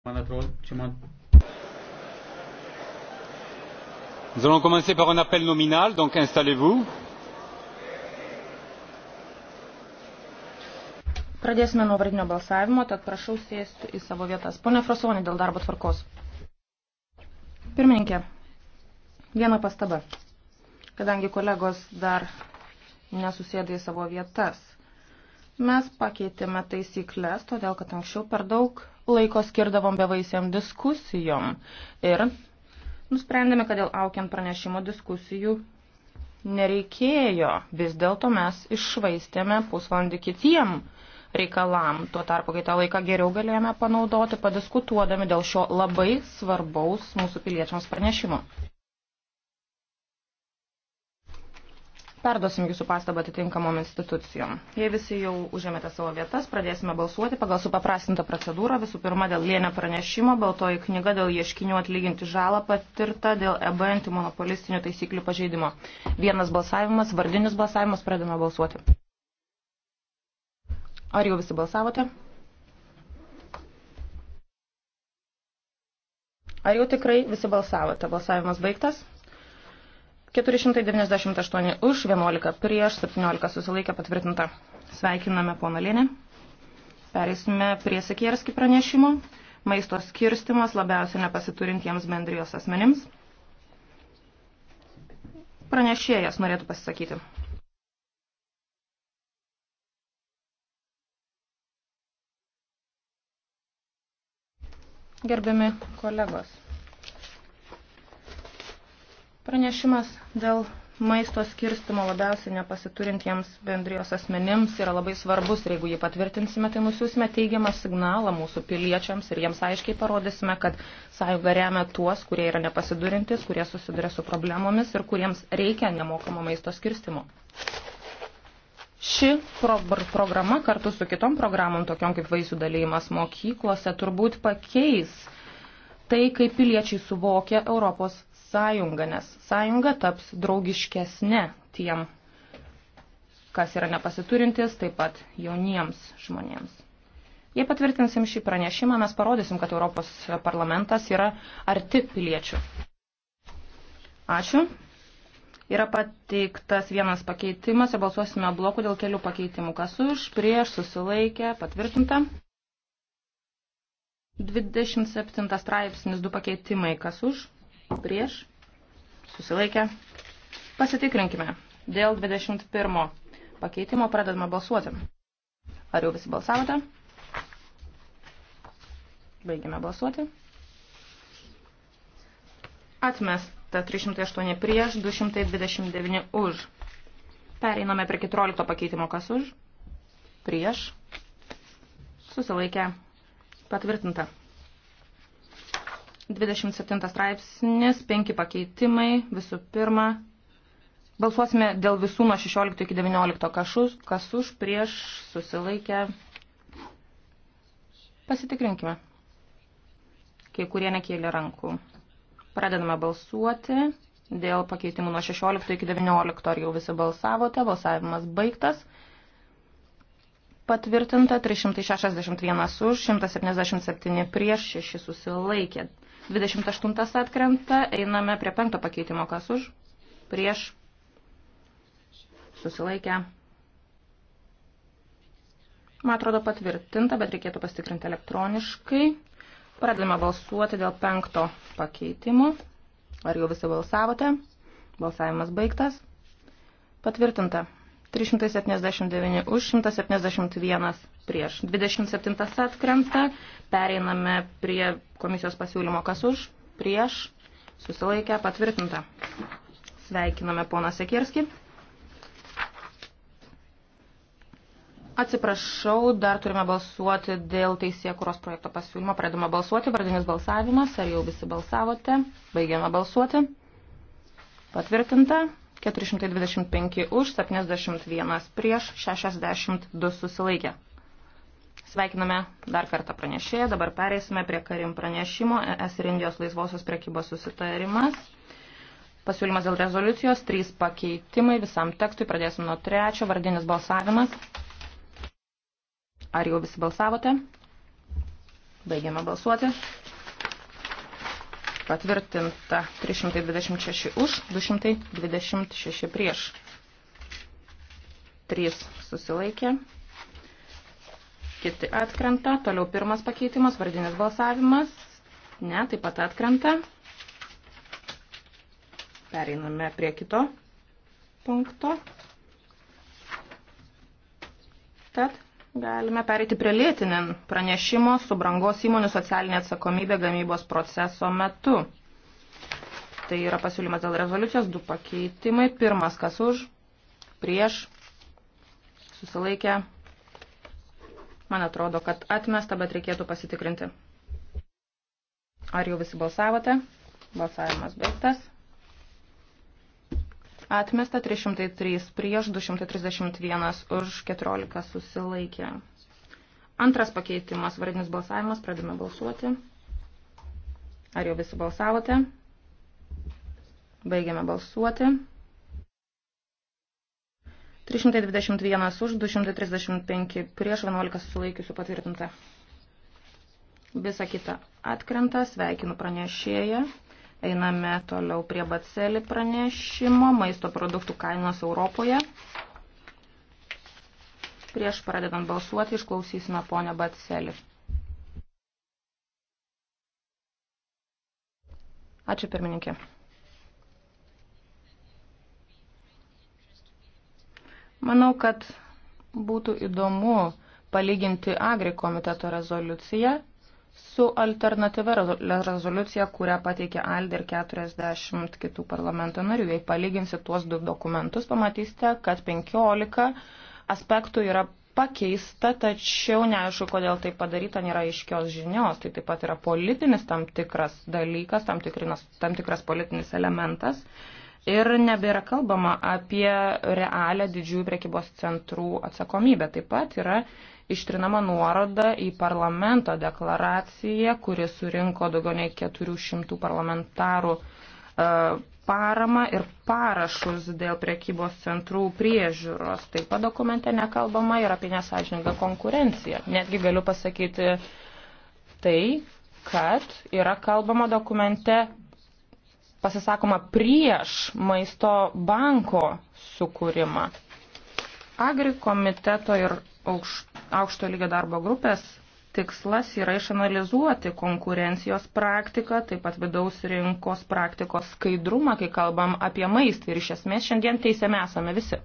Man atrodo, čia man. Nous allons commencer par un appel nominal, donc installez-vous. Pradėsime nuo vardinio balsavimo, tad prašau sėsti į savo vietas. Pone Frosonė, dėl darbo tvarkos. Pirmininkė, viena pastaba. Kadangi kolegos dar nesusėdė į savo vietas, mes pakeitėme taisyklės, todėl kad anksčiau per daug laiko skirdavom bevaisiam diskusijom ir nusprendėme, kad dėl aukiant pranešimo diskusijų nereikėjo. Vis dėlto mes iššvaistėme pusvalandį kitiem reikalam. Tuo tarpu, kai tą laiką geriau galėjome panaudoti, padiskutuodami dėl šio labai svarbaus mūsų piliečiams pranešimo. Perduosim jūsų pastabą atitinkamom institucijom. Jei visi jau užėmėte savo vietas, pradėsime balsuoti pagal supaprastintą procedūrą. Visų pirma, dėl lėnio pranešimo, baltoji knyga dėl ieškinių atlyginti žalą patirtą dėl EB antimonopolistinių taisyklių pažeidimo. Vienas balsavimas, vardinis balsavimas, pradėme balsuoti. Ar jau visi balsavote? Ar jau tikrai visi balsavote? Balsavimas baigtas. 498 už, 11 prieš, 17 susilaikė patvirtinta. Sveikiname poną Lėnį. Pereisime prie Sekierski pranešimo. Maisto skirstimas labiausiai nepasiturintiems bendrijos asmenims. Pranešėjas norėtų pasisakyti. Gerbiami kolegos. Pranešimas dėl maisto skirstimo labiausiai nepasiturintiems bendrijos asmenims yra labai svarbus ir jeigu jį patvirtinsime, tai nusiusime teigiamą signalą mūsų piliečiams ir jiems aiškiai parodysime, kad sąjunga remia tuos, kurie yra nepasidurintis, kurie susiduria su problemomis ir kuriems reikia nemokamo maisto skirstimo. Ši pro programa kartu su kitom programom, tokiom kaip vaisių dalymas mokyklose, turbūt pakeis tai, kaip piliečiai suvokia Europos sąjungą, nes sąjunga taps draugiškesnė tiem, kas yra nepasiturintis, taip pat jauniems žmonėms. Jei patvirtinsim šį pranešimą, mes parodysim, kad Europos parlamentas yra arti piliečių. Ačiū. Yra pateiktas vienas pakeitimas ir balsuosime blokų dėl kelių pakeitimų. Kas už, prieš, susilaikė, patvirtinta. 27 straipsnis, du pakeitimai. Kas už? prieš, susilaikę. Pasitikrinkime. Dėl 21 pakeitimo pradedame balsuoti. Ar jau visi balsavote? Baigime balsuoti. Atmesta 308 prieš, 229 už. Pereiname prie 14 pakeitimo kas už. Prieš. Susilaikę. Patvirtinta. 27 straipsnis, 5 pakeitimai. Visų pirma, balsuosime dėl visų nuo 16 iki 19 kašus, kas už prieš susilaikę. Pasitikrinkime. Kai kurie nekėlė rankų. Pradedame balsuoti dėl pakeitimų nuo 16 iki 19. Ar jau visi balsavote? Balsavimas baigtas patvirtinta 361 už, 177 prieš, 6 susilaikė. 28 atkrenta, einame prie penkto pakeitimo, kas už, prieš, susilaikę. Man atrodo patvirtinta, bet reikėtų pastikrinti elektroniškai. Pradedame balsuoti dėl penkto pakeitimo. Ar jau visi balsavote? Balsavimas baigtas. Patvirtinta. 379 už, 171 prieš. 27 atkrenta. Pereiname prie komisijos pasiūlymo kas už, prieš, susilaikę, patvirtinta. Sveikiname poną Sekirskį. Atsiprašau, dar turime balsuoti dėl teisėkuros projekto pasiūlymo. Pradėjome balsuoti, vardinis balsavimas, ar jau visi balsavote. Baigėme balsuoti. Patvirtinta. 425 už, 71 prieš, 62 susilaikė. Sveikiname dar kartą pranešėją. Dabar pereisime prie Karim pranešimo ES ir Indijos laisvosios prekybos susitarimas. Pasiūlymas dėl rezoliucijos, trys pakeitimai visam tekstui. Pradėsim nuo trečio, vardinis balsavimas. Ar jau visi balsavote? Baigiame balsuoti patvirtinta 326 už, 226 prieš. 3 susilaikė. Kiti atkrenta. Toliau pirmas pakeitimas, vardinis balsavimas. Ne, taip pat atkrenta. Pereiname prie kito punkto. Tad Galime pereiti prie lėtinin pranešimo su brangos įmonių socialinė atsakomybė gamybos proceso metu. Tai yra pasiūlymas dėl rezoliucijos, du pakeitimai. Pirmas, kas už, prieš, susilaikę. Man atrodo, kad atmesta, bet reikėtų pasitikrinti. Ar jau visi balsavote? Balsavimas baigtas. Atmesta 303 prieš 231 už 14 susilaikė. Antras pakeitimas, vardinis balsavimas, pradame balsuoti. Ar jau visi balsavote? Baigiame balsuoti. 321 už, 235 prieš, 11 susilaikiusių patvirtinta. Visa kita atkrenta, sveikinu pranešėją. Einame toliau prie Batselį pranešimo, maisto produktų kainos Europoje. Prieš pradedant balsuoti, išklausysime ponę Batselį. Ačiū pirmininkė. Manau, kad būtų įdomu palyginti Agri komiteto rezoliuciją su alternatyva rezoliucija, kurią pateikė Aldė ir 40 kitų parlamento narių. Jei palyginsite tuos du dokumentus, pamatysite, kad 15 aspektų yra pakeista, tačiau neaišku, kodėl tai padaryta, nėra aiškios žinios. Tai taip pat yra politinis tam tikras dalykas, tam, tikrinas, tam tikras politinis elementas. Uh, ir nebėra kalbama apie realią didžiųjų prekybos centrų atsakomybę. Taip pat yra ištrinama nuoroda į parlamento deklaraciją, kuri surinko daugiau nei 400 parlamentarų e, paramą ir parašus dėl prekybos centrų priežiūros. Taip pat dokumente nekalbama ir apie nesažiningą konkurenciją. Netgi galiu pasakyti tai, kad yra kalbama dokumente pasisakoma prieš maisto banko sukūrimą. Agri komiteto ir aukšto lygio darbo grupės tikslas yra išanalizuoti konkurencijos praktiką, taip pat vidaus rinkos praktikos skaidrumą, kai kalbam apie maistą ir iš esmės šiandien teisėme esame visi.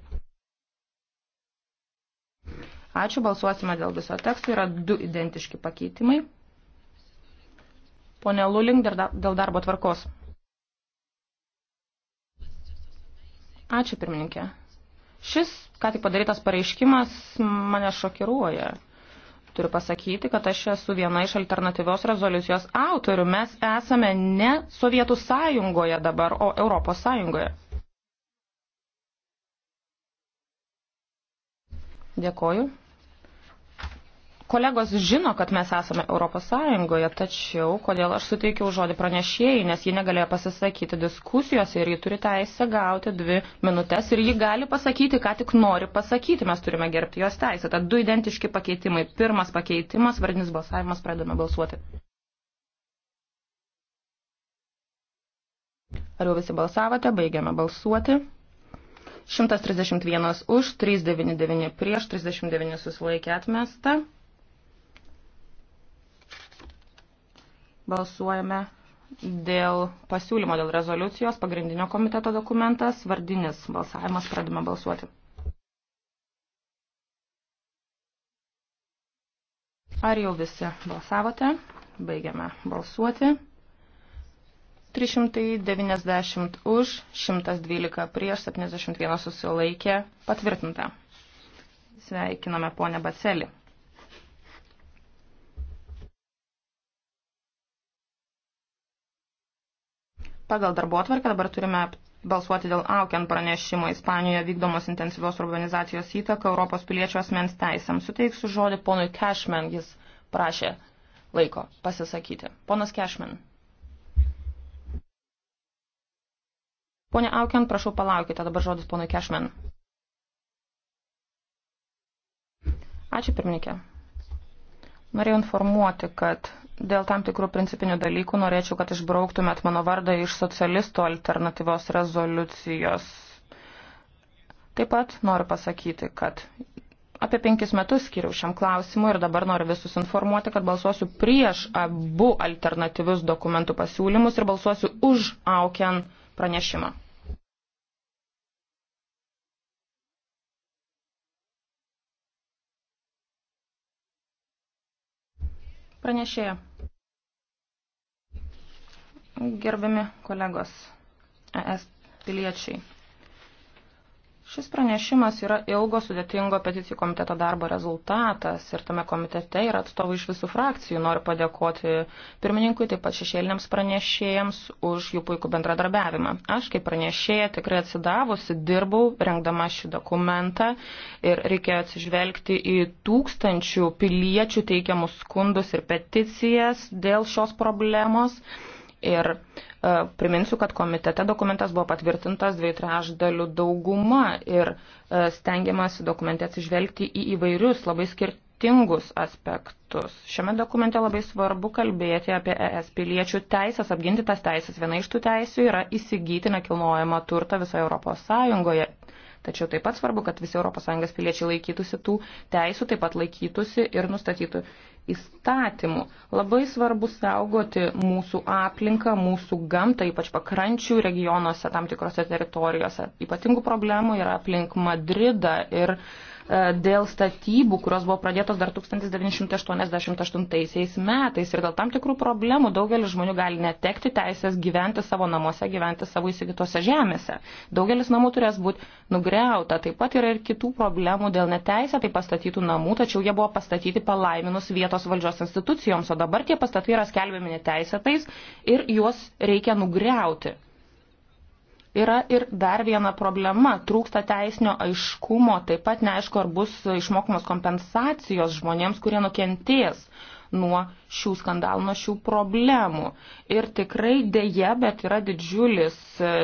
Ačiū, balsuosime dėl viso teksto, yra du identiški pakeitimai. Pone Luling, dėl darbo tvarkos. Ačiū pirmininkė. Šis, ką tik padarytas pareiškimas, mane šokiruoja. Turiu pasakyti, kad aš esu viena iš alternatyvios rezoliucijos autorių. Mes esame ne Sovietų sąjungoje dabar, o Europos sąjungoje. Dėkoju. Kolegos žino, kad mes esame Europos Sąjungoje, tačiau kodėl aš suteikiau žodį pranešėjai, nes ji negalėjo pasisakyti diskusijose ir ji turi teisę gauti dvi minutės ir ji gali pasakyti, ką tik nori pasakyti, mes turime gerbti jos teisę. Tad du identiški pakeitimai. Pirmas pakeitimas, vardinis balsavimas, pradedame balsuoti. Ar jau visi balsavote, baigiame balsuoti. 131 už, 399 prieš, 39 susilaikė atmesta. Balsuojame dėl pasiūlymo dėl rezoliucijos, pagrindinio komiteto dokumentas, vardinis balsavimas, pradame balsuoti. Ar jau visi balsavote? Baigiame balsuoti. 390 už, 112 prieš, 71 susilaikė, patvirtinta. Sveikiname ponę Bacelį. Pagal darbo atvarkę dabar turime balsuoti dėl Auken pranešimo Ispanijoje vykdomos intensyvios urbanizacijos įtaka Europos piliečių asmens teisėms. Suteiksiu žodį ponui Cashman, jis prašė laiko pasisakyti. Ponas Cashman. Pone Auken, prašau palaukite, dabar žodis ponui Cashman. Ačiū pirmininkė. Norėjau informuoti, kad dėl tam tikrų principinių dalykų norėčiau, kad išbrauktumėt mano vardą iš socialistų alternatyvos rezoliucijos. Taip pat noriu pasakyti, kad apie penkis metus skiriau šiam klausimui ir dabar noriu visus informuoti, kad balsuosiu prieš abu alternatyvius dokumentų pasiūlymus ir balsuosiu už Aukian pranešimą. Pranešėja. Gerbiami kolegos ES piliečiai. Šis pranešimas yra ilgo sudėtingo peticijų komiteto darbo rezultatas ir tame komitete yra atstovai iš visų frakcijų. Noriu padėkoti pirmininkui, taip pat šešėliniams pranešėjams už jų puikų bendradarbiavimą. Aš kaip pranešėja tikrai atsidavusi, dirbau rengdama šį dokumentą ir reikėjo atsižvelgti į tūkstančių piliečių teikiamus skundus ir peticijas dėl šios problemos. Ir e, priminsiu, kad komitete dokumentas buvo patvirtintas dviejų trešdalių dauguma ir e, stengiamasi dokumente atsižvelgti į įvairius labai skirtingus aspektus. Šiame dokumente labai svarbu kalbėti apie ES piliečių teisės, apginti tas teisės. Viena iš tų teisių yra įsigyti nekilnojamą turtą visoje Europos Sąjungoje. Tačiau taip pat svarbu, kad visi ES piliečiai laikytųsi tų teisų, taip pat laikytųsi ir nustatytų įstatymų. Labai svarbu saugoti mūsų aplinką, mūsų gamtą, ypač pakrančių regionuose, tam tikrose teritorijose. Ypatingų problemų yra aplink Madridą ir uh, E, dėl statybų, kurios buvo pradėtos dar 1988 metais ir dėl tam tikrų problemų daugelis žmonių gali netekti teisės gyventi savo namuose, gyventi savo įsigytose žemėse. Daugelis namų turės būti nugriauta. Taip pat yra ir kitų problemų dėl neteisėtai pastatytų namų, tačiau jie buvo pastatyti palaiminus vietos valdžios institucijoms, o dabar tie pastatai yra skelbiami neteisėtais ir juos reikia nugriauti. Yra ir dar viena problema - trūksta teisinio aiškumo, taip pat neaišku, ar bus išmokamos kompensacijos žmonėms, kurie nukentės nuo šių skandalų, nuo šių problemų. Ir tikrai dėje, bet yra didžiulis e,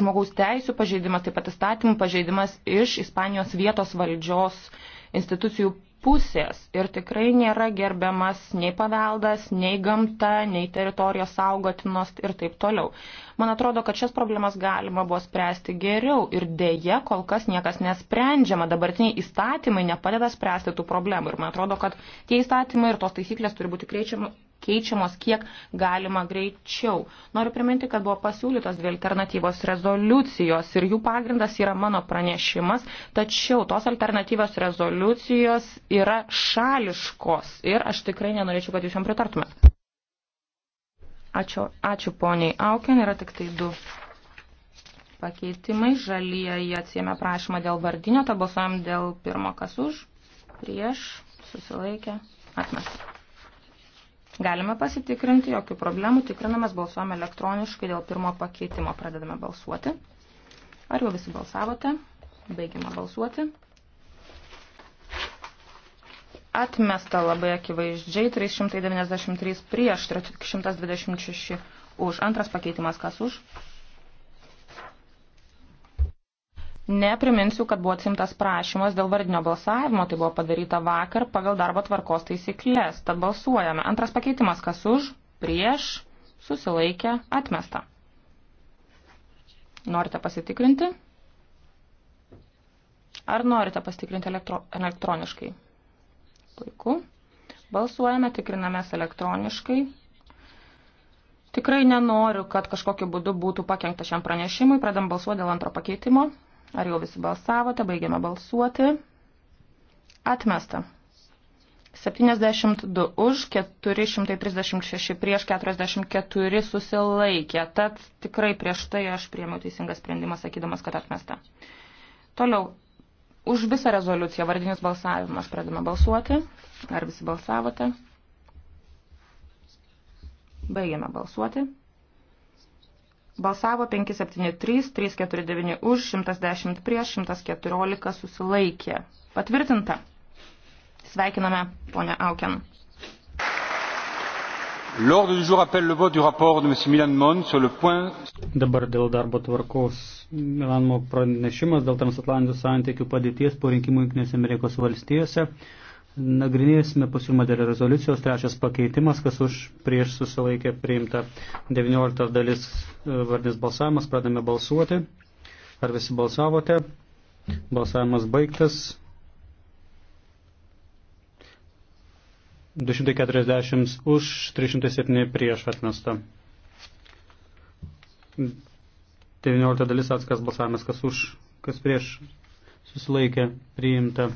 žmogaus teisų pažeidimas, taip pat įstatymų pažeidimas iš Ispanijos vietos valdžios institucijų pusės ir tikrai nėra gerbiamas nei paveldas, nei gamta, nei teritorijos saugotinos ir taip toliau. Man atrodo, kad šias problemas galima buvo spręsti geriau ir dėje kol kas niekas nesprendžiama. Dabartiniai įstatymai nepadeda spręsti tų problemų ir man atrodo, kad tie įstatymai ir tos taisyklės turi būti keičiamos kiek galima greičiau. Noriu priminti, kad buvo pasiūlytos dvi alternatyvos rezoliucijos ir jų pagrindas yra mano pranešimas, tačiau tos alternatyvos rezoliucijos yra šališkos ir aš tikrai nenorėčiau, kad jūs jom pritartumėte. Ačiū, ačiū poniai Auken, yra tik tai du pakeitimai. Žalieji atsiemė prašymą dėl vardinio, ta balsuojam dėl pirmo kas už, prieš, susilaikę, atmestą. Galime pasitikrinti, jokių problemų, tikrinamas balsuojame elektroniškai dėl pirmo pakeitimo, pradedame balsuoti. Ar jau visi balsavote? Baigime balsuoti atmesta labai akivaizdžiai, 393 prieš, 126 už. Antras pakeitimas, kas už? Nepriminsiu, kad buvo atsimtas prašymas dėl vardinio balsavimo, tai buvo padaryta vakar pagal darbo tvarkos taisyklės. Tad balsuojame. Antras pakeitimas, kas už, prieš, susilaikė, atmesta. Norite pasitikrinti? Ar norite pasitikrinti elektro, elektroniškai? Puiku. Balsuojame, tikrinamės elektroniškai. Tikrai nenoriu, kad kažkokiu būdu būtų pakengta šiam pranešimui. Pradam balsuoti dėl antro pakeitimo. Ar jau visi balsavote? Baigiame balsuoti. Atmesta. 72 už, 436 prieš, 44 susilaikė. Tad tikrai prieš tai aš priemiau teisingą sprendimą, sakydamas, kad atmesta. Toliau, Už visą rezoliuciją vardinis balsavimas pradame balsuoti. Ar visi balsavote? Baigiame balsuoti. Balsavo 573, 349 už, 110 prieš, 114 susilaikė. Patvirtinta. Sveikiname, ponia Auken. L'ordre du jour appelle le vote du rapport de M. Milan Mon sur le point. Dabar dėl darbo tvarkos Milano pranešimas dėl transatlantinių santykių padėties po rinkimų Junktinėse Amerikos valstijose. Nagrinėsime pasiūlymą dėl rezoliucijos, trečias pakeitimas, kas už prieš susilaikė priimta 19 dalis e, vardinis balsavimas, pradame balsuoti. Ar visi balsavote? Balsavimas baigtas. 240 už, 307 prieš atmestą. 19 dalis atskas balsavimas, kas už, kas prieš susilaikė, priimta.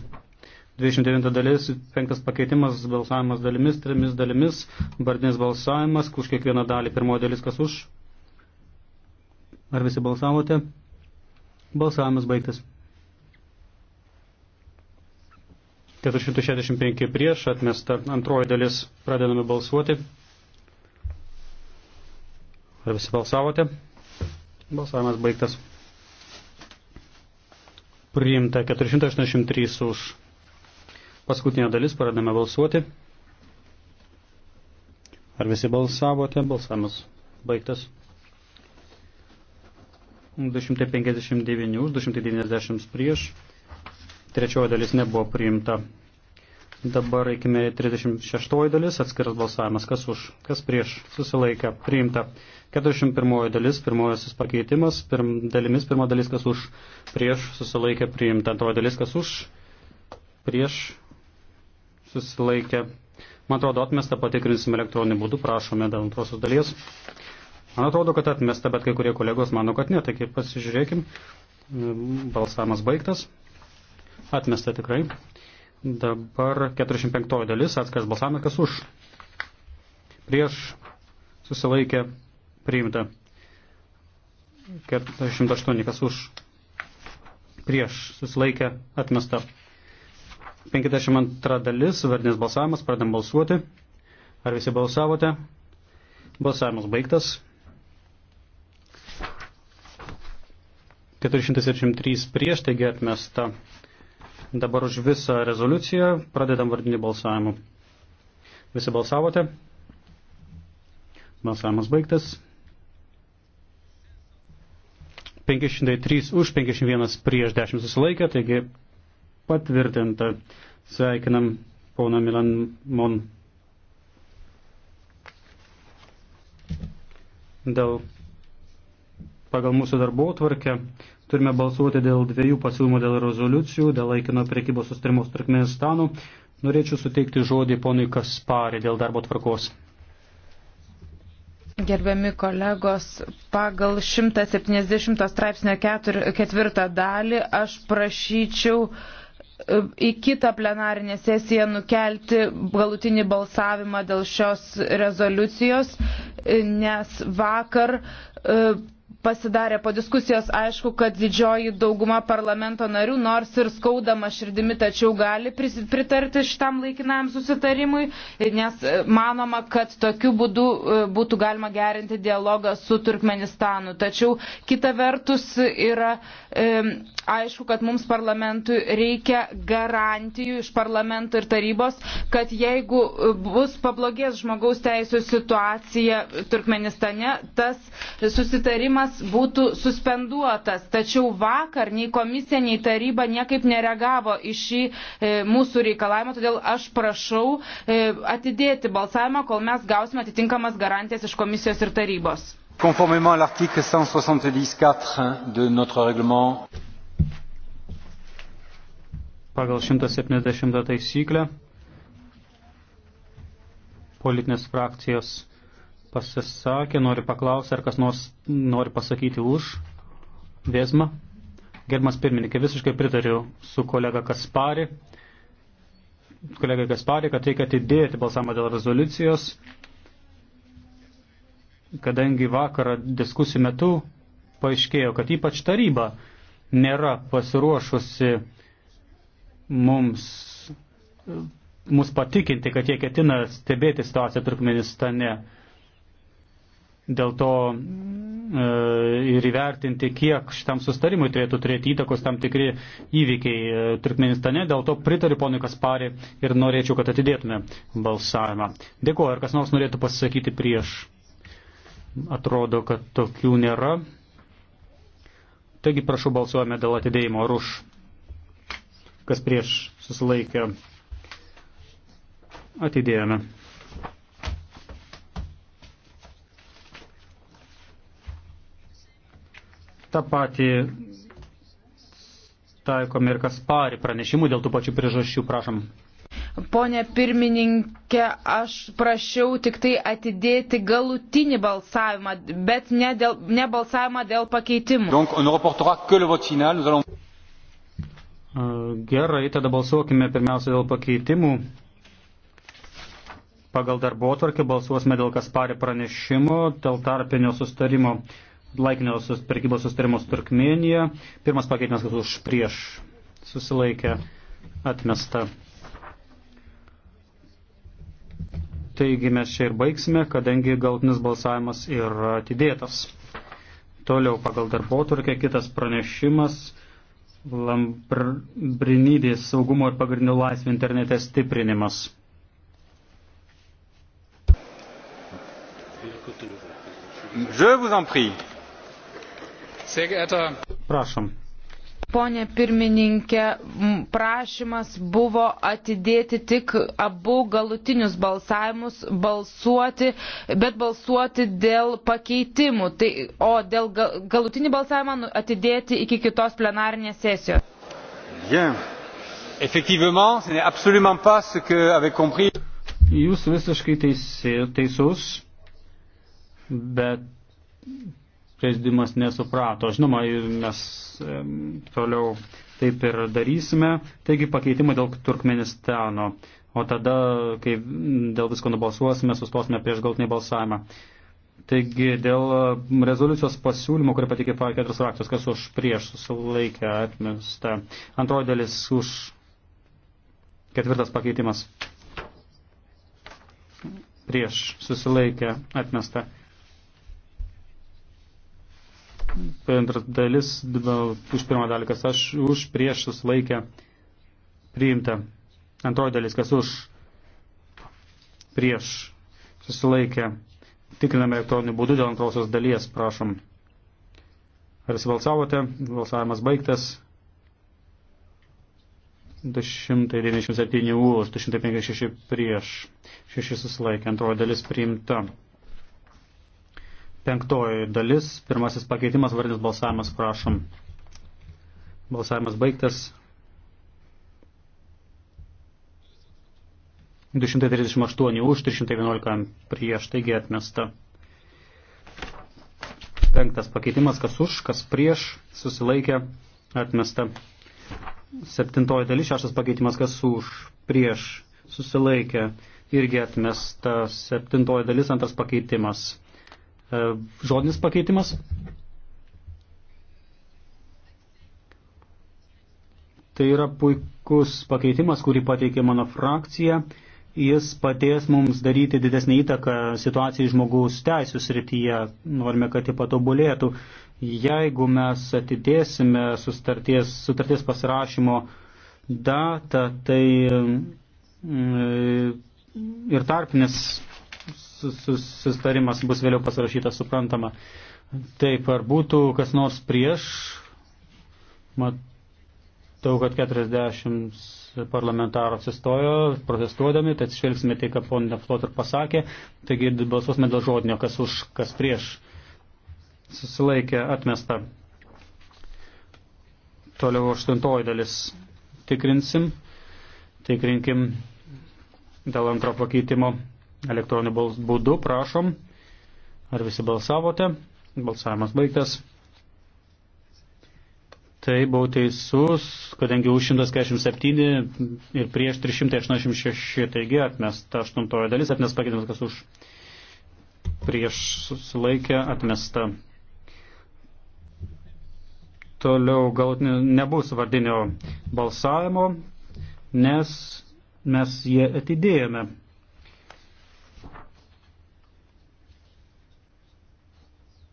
29 dalis, 5 pakeitimas, balsavimas dalimis, 3 dalimis, bardinis balsavimas, už kiekvieną dalį, pirmoji dalis, kas už. Ar visi balsavote? Balsavimas baigtas. 465 prieš atmesta antroji dalis. Pradedame balsuoti. Ar visi balsavote? Balsavimas baigtas. Priimta 483 už. Paskutinė dalis. Pradedame balsuoti. Ar visi balsavote? Balsavimas baigtas. 259 už, 290 prieš. Trečioji dalis nebuvo priimta. Dabar eikime 36 dalis, atskiras balsavimas, kas už, kas prieš, susilaikę, priimta. 41 dalis, pirmojasis pakeitimas, pirm, dalimis, pirma dalis, kas už, prieš, susilaikę, priimta. Antroji dalis, kas už, prieš, susilaikę. Man atrodo, atmesta patikrinsim elektroninį būdų, prašome dėl antrosios dalies. Man atrodo, kad atmesta, bet kai kurie kolegos mano, kad ne, taigi pasižiūrėkim. Balsavimas baigtas. Atmesta tikrai. Dabar 45 dalis, atskiras balsavimas, kas už. Prieš susilaikė priimta. 408, kas už. Prieš susilaikė atmesta. 52 dalis, vardinis balsavimas, pradėm balsuoti. Ar visi balsavote? Balsavimas baigtas. 473 prieš, taigi atmesta. Dabar už visą rezoliuciją pradedam vardinį balsavimą. Visi balsavote? Balsavimas baigtas. 503 už, 501 prieš 10 susilaikė, taigi patvirtinta. Sveikinam Pauna Milan Mon. Dėl Pagal mūsų darbo tvarkę turime balsuoti dėl dviejų pasiūlymų dėl rezoliucijų, dėl laikino priekybos sustrimo su Turkmenistanu. Norėčiau suteikti žodį ponui Kasparį dėl darbo tvarkos. Gerbiami kolegos, pagal 170 straipsnio 4 dalį aš prašyčiau e, į kitą plenarinę sesiją nukelti galutinį balsavimą dėl šios rezoliucijos, e, nes vakar e, pasidarė po diskusijos aišku, kad didžioji dauguma parlamento narių, nors ir skaudama širdimi, tačiau gali pritarti šitam laikinam susitarimui, nes e, manoma, kad tokiu būdu e, būtų galima gerinti dialogą su Turkmenistanu. Tačiau kita vertus yra e, aišku, kad mums parlamentui reikia garantijų iš parlamento ir tarybos, kad jeigu e, bus pablogės žmogaus teisų situacija Turkmenistane, tas susitarimas sprendimas būtų suspenduotas. Tačiau vakar nei komisija, nei taryba niekaip nereagavo į šį e, mūsų reikalavimą, todėl aš prašau e, atidėti balsavimą, kol mes gausime atitinkamas garantijas iš komisijos ir tarybos. Conformément à l'article 170.4 de notre règlement. Pagal 170 taisyklę politinės frakcijos pasisakė, nori paklausti, ar kas nors nori pasakyti už Vėzmą. Germas pirmininkė, visiškai pritariu su kolega Kaspari, kolega Kaspari, kad reikia atidėti balsamą dėl rezoliucijos, kadangi vakarą diskusijų metu paaiškėjo, kad ypač taryba nėra pasiruošusi mums mus patikinti, kad jie ketina stebėti situaciją Turkmenistane dėl to e, ir įvertinti, kiek šitam sustarimui turėtų turėti įtakos tam tikri įvykiai e, Turkmenistane. Dėl to pritariu ponui Kasparį ir norėčiau, kad atidėtume balsavimą. Dėkuoju, ar kas nors norėtų pasisakyti prieš. Atrodo, kad tokių nėra. Taigi prašau balsuojame dėl atidėjimo ar už. Kas prieš susilaikė. Atidėjome. Ta pati taikom ir Kasparį pranešimų dėl tų pačių priežasčių, prašom. Pone pirmininkė, aš prašiau tik tai atidėti galutinį balsavimą, bet ne, dėl, ne balsavimą dėl pakeitimų. Donc, final, allons... Gerai, tada balsuokime pirmiausia dėl pakeitimų. Pagal darbo atvarkį balsuosime dėl Kasparį pranešimo, dėl tarpinio sustarimo laikiniosios prekybos sustarimus Turkmenija. Pirmas pakeitimas, kas už prieš susilaikė atmesta. Taigi mes čia ir baigsime, kadangi galtinis balsavimas yra atidėtas. Toliau pagal darbo turkė kitas pranešimas. Lambrinydės saugumo ir pagrindinių laisvių internete stiprinimas. Je vous en prie. Prašom. Pone pirmininkė, prašymas buvo atidėti tik abu galutinius balsavimus, balsuoti, bet balsuoti dėl pakeitimų, tai, o dėl galutinį balsavimą nu, atidėti iki kitos plenarinės sesijos. Bien. Effectivement, ce n'est absolument pas ce que avait compris. Jūs visiškai teisė, teisus, bet prezidimas nesuprato. Žinoma, mes toliau taip ir darysime. Taigi pakeitimai dėl Turkmenistano. O tada, kai dėl visko nubalsuosime, sustosime prieš galtinį balsavimą. Taigi, dėl rezoliucijos pasiūlymo, kurį patikė keturios frakcijos, kas už prieš susilaikė atmesta. Antroji dalis už ketvirtas pakeitimas. Prieš susilaikė atmesta. Antras dalis, už pirmą dalį, kas aš, už prieš susilaikę priimta. Antroji dalis, kas už prieš susilaikę. Tikriname elektroniniu būdu dėl antrosios dalies, prašom. Ar įsibalsavote? Balsavimas baigtas. 297 už, 256 prieš. 6 susilaikė. Antroji dalis priimta. Penktoji dalis, pirmasis pakeitimas, vardinis balsavimas, prašom. Balsavimas baigtas. 238 už, 311 prieš, taigi atmesta. Penktas pakeitimas, kas už, kas prieš, susilaikė, atmesta. Septintoji dalis, šeštas pakeitimas, kas už, prieš, susilaikė, irgi atmesta. Septintoji dalis, antras pakeitimas E, žodinis pakeitimas. Tai yra puikus pakeitimas, kurį pateikė mano frakcija. Jis padės mums daryti didesnį įtaką situacijai žmogaus teisų srityje. Norime, kad ji patobulėtų. Jeigu mes atidėsime sutarties, sutarties pasirašymo datą, tai mm, e, ir tarpinės sustarimas bus vėliau pasirašytas, suprantama. Taip, ar būtų kas nors prieš? Matau, kad 40 parlamentarų atsistojo protestuodami, tai atsižvelgsime tai, ką ponė Flotter pasakė. Taigi balsuosime dėl žodinio, kas už, kas prieš. Susilaikė atmesta. Toliau aštuntoji dalis. Tikrinsim. Tikrinkim dėl antro pakeitimo elektroniniu būdu, prašom. Ar visi balsavote? Balsavimas baigtas. Tai buvau teisus, kadangi už 147 ir prieš 386, taigi atmesta aštuntojo dalis, atmesta pakeitimas, kas už prieš sulaikę atmesta. Toliau galutinio nebus vardinio balsavimo, nes mes jį atidėjome.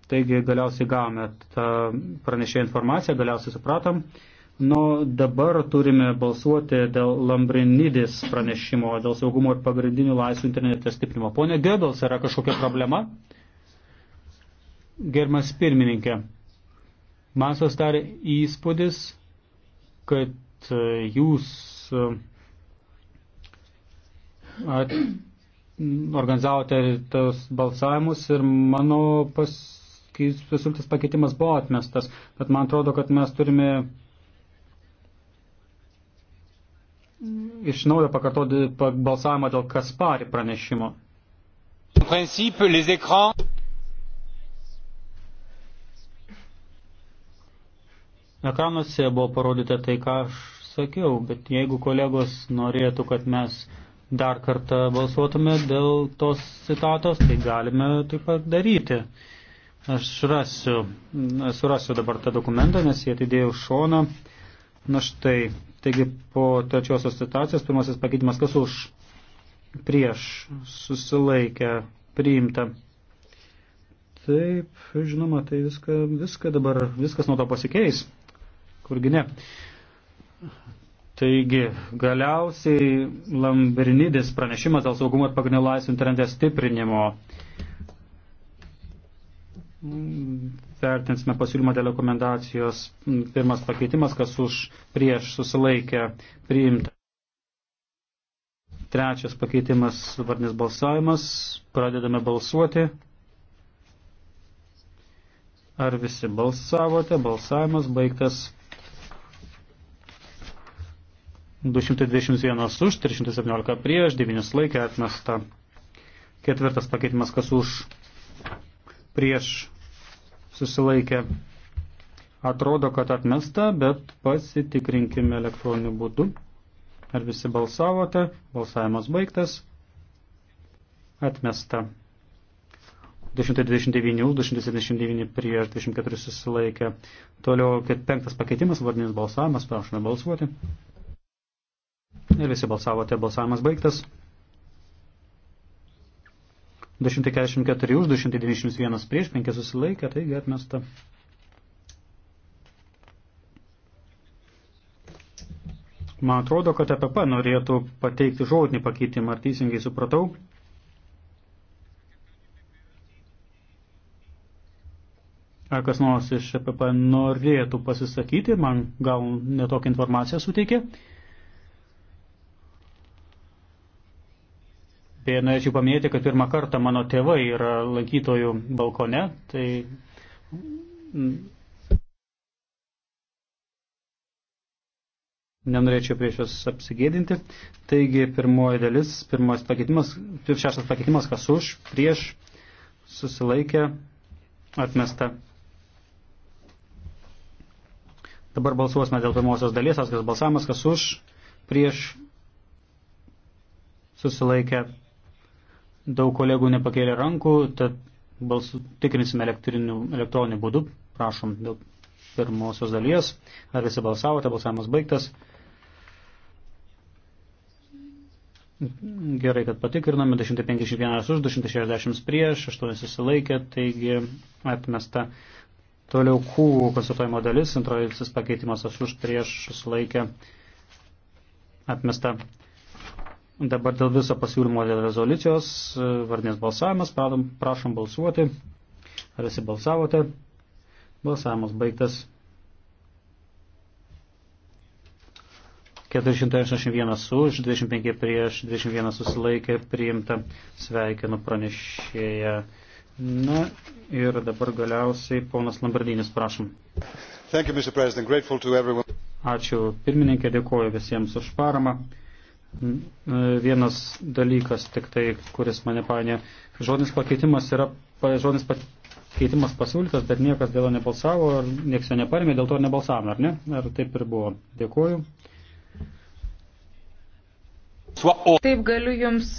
Taigi galiausiai gavome tą pranešėjo informaciją, galiausiai supratom. Nu, dabar turime balsuoti dėl Lambrinidis pranešimo, dėl saugumo ir pagrindinių laisvų internete stiprimo. Pone Goebbels, yra kažkokia problema? Germas pirmininkė, man susidarė įspūdis, kad e, jūs e, at, organizavote tos balsavimus ir mano pas kai pasiūlytas pakeitimas buvo atmestas, bet man atrodo, kad mes turime iš naujo pakartoti balsavimą dėl Kasparį pranešimo. Principe, les écrans Ekranuose buvo parodyta tai, ką aš sakiau, bet jeigu kolegos norėtų, kad mes dar kartą balsuotume dėl tos citatos, tai galime taip pat daryti. Aš surasiu, surasiu dabar tą dokumentą, nes jie atidėjau šoną. Na štai, taigi po trečiosios situacijos pirmasis pakeitimas, kas už prieš susilaikę priimta. Taip, žinoma, tai viską, viską dabar, viskas nuo to pasikeis. Kurgi ne. Taigi, galiausiai Lambrinidis pranešimas dėl saugumo ir pagrindinio laisvų internete stiprinimo. Vertinsime pasiūlymą dėl rekomendacijos. Pirmas pakeitimas, kas už prieš susilaikė priimta. Trečias pakeitimas, vardinis balsavimas. Pradedame balsuoti. Ar visi balsavote? Balsavimas baigtas. 221 už, 317 prieš, 9 laikė atmesta. Ketvirtas pakeitimas, kas už prieš susilaikę. Atrodo, kad atmesta, bet pasitikrinkime elektroniniu būdu. Ar visi balsavote? Balsavimas baigtas. Atmesta. 229 už, 279 prieš, 24 susilaikė. Toliau, kad penktas pakeitimas, vardinis balsavimas, prašome balsuoti. Ir visi balsavote, balsavimas baigtas. 244 už, 291 prieš, 5 susilaikė, taigi atmesta. Man atrodo, kad EPP norėtų pateikti žodinį pakeitimą, ar teisingai supratau. Ar kas nors iš EPP norėtų pasisakyti, man gal netokią informaciją suteikė. Beje, norėčiau paminėti, kad pirmą kartą mano tėvai yra lankytojų balkone, tai mm, nenorėčiau prieš juos apsigėdinti. Taigi, pirmoji dalis, pirmas pakeitimas, šeštas pakeitimas, kas už, prieš, susilaikė, atmesta. Dabar balsuosime dėl pirmosios dalies, atskiras balsavimas, kas už, prieš, susilaikė, Daug kolegų nepakėlė rankų, tad balsų tikrinsime elektroniniu būdu. Prašom dėl pirmosios dalies. Ar visi balsavote? Balsavimas baigtas. Gerai, kad patikrinome. 251 už, 260 prieš, 8 susilaikė, taigi atmesta toliau Q konstatuojimo dalis, antrojisis pakeitimas aš už prieš susilaikė atmesta Dabar dėl viso pasiūlymo dėl rezoliucijos, e, vardinės balsavimas, pradom, prašom balsuoti. Ar visi balsavote? Balsavimas baigtas. 481 už, 25 prieš, 21 susilaikė, priimta, sveikinu pranešėją. Na ir dabar galiausiai ponas Lambardinis, prašom. Thank you, Ačiū pirmininkė, dėkoju visiems už paramą. E, vienas dalykas tik tai, kuris mane panė. Žodinis pakeitimas yra, žodinis pakeitimas pasiūlytas, bet niekas dėl jo nebalsavo ir nieks jo neparėmė, dėl to ir nebalsavome, ar ne? Ar taip ir buvo? Dėkuoju. Taip galiu jums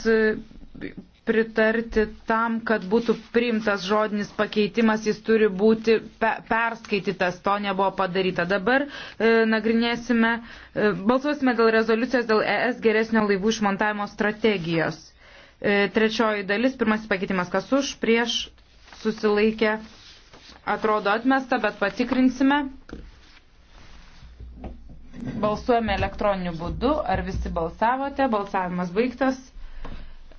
pritarti tam, kad būtų priimtas žodinis pakeitimas, jis turi būti pe perskaitytas, to nebuvo padaryta. Dabar e, nagrinėsime, e, balsuosime dėl rezoliucijos dėl ES geresnio laivų išmontavimo strategijos. E, trečioji dalis, pirmasis pakeitimas, kas už, prieš, susilaikė, atrodo atmesta, bet patikrinsime. Balsuojame elektroniniu būdu, ar visi balsavote, balsavimas baigtas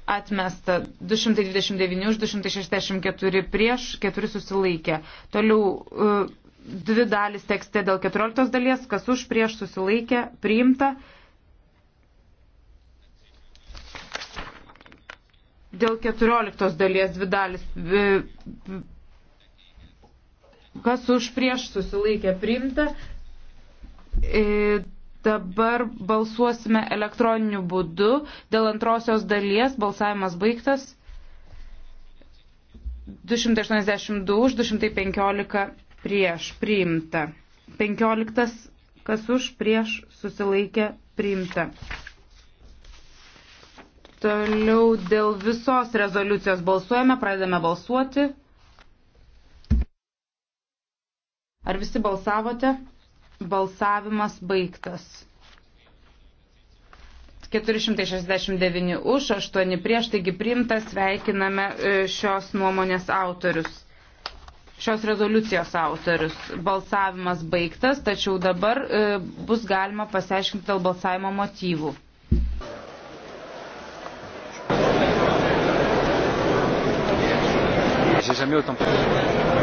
atmesta 229 už 264 prieš, 4 susilaikė. Toliau e, dvi dalis tekste dėl 14 dalies, kas už prieš susilaikė, priimta. Dėl 14 dalies dvi dalis, e, kas už prieš susilaikė, priimta. E, Dabar balsuosime elektroniniu būdu. Dėl antrosios dalies balsavimas baigtas. 282 už 215 prieš priimta. 15 kas už prieš susilaikė priimta. Toliau dėl visos rezoliucijos balsuojame, pradedame balsuoti. Ar visi balsavote? Balsavimas baigtas. 469 už, 8 prieš, taigi priimta sveikiname e, šios nuomonės autorius, šios rezoliucijos autorius. Balsavimas baigtas, tačiau dabar e, bus galima pasiaiškinti dėl balsavimo motyvų. J'ai jamais autant parlé.